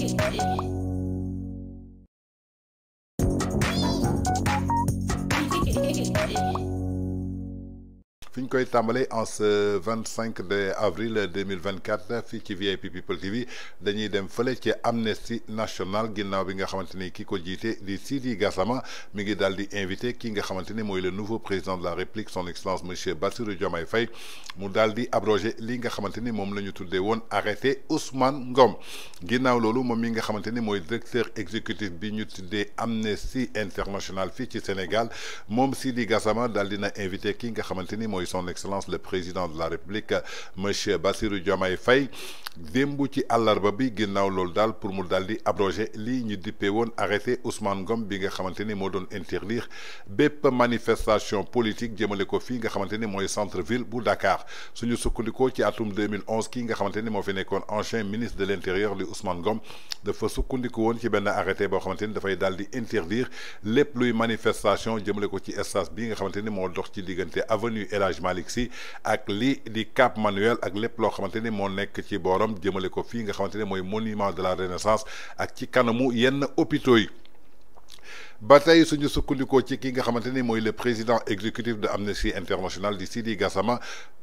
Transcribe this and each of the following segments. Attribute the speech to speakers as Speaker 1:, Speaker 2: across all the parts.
Speaker 1: Thank you. fiñ koy tambalé en ce 25 de avril 2024, fi ci VIP People TV dañuy dem feulé ci Amnesty National ginnaaw bi nga xamanteni kiko jité ko di Sidi Gassama mi ngi daldi invité ki nga xamanteni moy le nouveau président de la République son excellence monsieur Bassirou Diomaye Faye mu daldi abroger li nga xamanteni mom lañu tuddé won arrêté Ousmane Ngom ginnaaw lolu mom mi nga xamanteni moy directeur exécutif bi ñu tuddé Amnesty International fi ci Sénégal mom Sidi Gassama daldi na invité ki nga xamanteni et son excellence le président de la république monsieur Bassirou Diomaye Faye dembu ci Babi, bi ginnaw lol dal pour mu abroger ligne ñu dippee arrêté Ousmane Gom, bi nga xamanteni mo interdire manifestation politique jëmele ko fi nga xamanteni centre ville bu Dakar suñu sukkandikoo ci atum 2011 King nga xamanteni mo ancien ministre de l'Intérieur, li Ousmane Ngom fa sukkandiku won ci benn arrêté bo xamanteni da fay daldi interdire lépp luy manifestation jëmele ko ci espace bi nga xamanteni mo dox ci avenue Elhadj Malick Sy ak li di Cap Manuel ak lepp lo xamanteni mo nek ci borom jëmele ko fi nga xamanteni moy monument de la renaissance ak ci kanamu yenn hôpitaux yi ba tey suñu sukkandikoo ci ki nga xamante ni mooy le président exécutif de Amnesty International di Sidi Gassama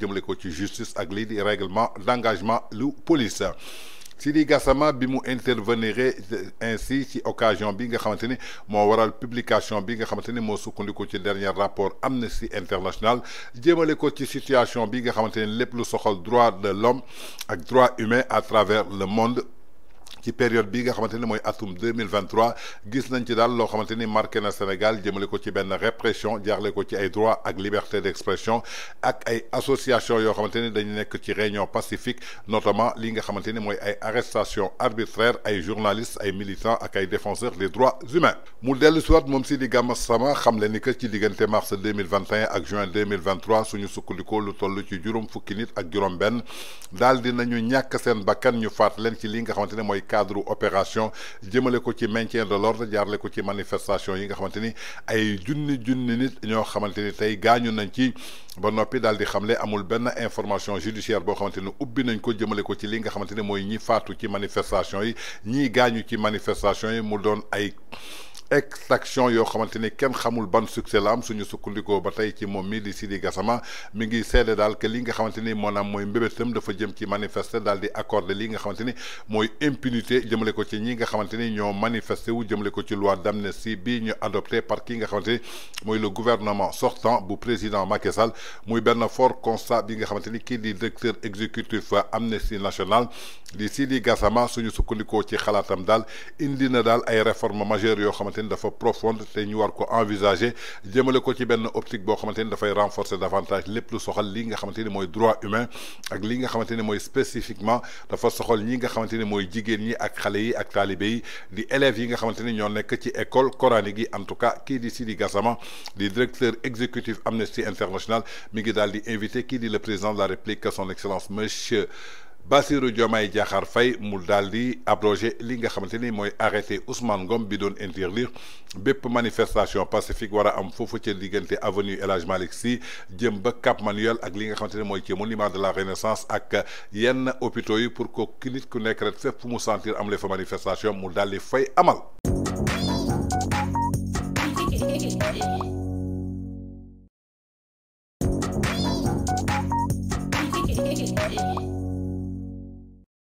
Speaker 1: jëmale ko ci justice ak li di règlement d'engagement lu police Sidi Gassama bi mu intervenir ainsi ci occasion bi nga xamante mo waral publication bi nga xamante mo moo ci dernier rapport Amnesty International jéemale ko ci situation bi nga xamante lepp lu soxal droit de l'homme ak droit humain à travers le monde ci période bi nga xamanteni moy mooy atum 2023 gis nañ ci dal lo xamanteni marqué na Sénégal jëmele ko ci ben répression jaxlé ko ci ay droit ak liberté d'expression ak ay association yo xamanteni dañu nekk ci réunion pacifique notamment li nga xamanteni moy ay arrestation arbitraire ay journalistes ay militants ak ay défenseurs des droits humains mu dellu si mom moom Sidi Gama Sama xam ni que ci diggante mars 2021 ak juin 2023 suñu sukkuliko lu toll ci jurum fukki nit ak juróom ben daal nañu ñak seen bakkan ñu faat len ci li nga xamanteni moy cadre opération jëmale ko ci maintien de l'ordre jarle ko ci manifestation yi nga xamanteni ay junni junni nit ño xamanteni tay gañu nañ ci ba nopi daldi amul ben information judiciaire bo xamanteni ni ubbi nañ ko jëmale ko ci li nga xamanteni ni ñi faatu ci manifestation yi ñi gagne ci manifestation yi mu doon exaction yoo xamante ni kenn xamul ban succès la am suñu sukkandikoo ba tay ci mom mii di Sidi Gassama mi ngi sédé dal ke li nga xamanteni monam moy mooy mbébétam dafa jëm ci manifester dal di accordé li nga xamanteni moy impunité jëmale ko ci ñi nga xamanteni ni ñoo manifesté wu jëmale ko ci loi d'amnistie bi ñu adopté par ki nga xamanteni moy le gouvernement sortant bu président Macky Sall moy benn fort constat bi nga xamanteni ki di directeur exécutif Amnesty National di Sidi Gassama suñu sukkandikoo ci xalatam dal indi na dal ay réformes majeures yo xamanteni xamante dafa profonde te ñu war ko envisager jëmale ko ci benn optique boo xamanteni faire dafay renforcer davantage les lu soxal li nga xamanteni mooy droit humain ak li nga xamanteni mooy spécifiquement dafa soxal ñi nga xamanteni ni mooy jigéen ñi ak xale yi ak talibé yi di élèves yi nga xamanteni ñoo nekk ci école coranique en tout cas qui di Sidi Gassama di directeur exécutif Amnesty International mi ngi daal di invité kii di le président de la République son excellence monsieur Bassirou Diomaye Diakhar Faye mou daldi li nga xamanteni moy arrêté Ousmane Ngom bi done interdire manifestation pacifique wara a am fofu ci avenue El Hadj Sy jëm ba Cap Manuel ak li nga xamanteni moy ci monument de la Renaissance ak yenn hôpitaux pour ko ki nit ku nek rek sentir am les manifestation Muldali amal.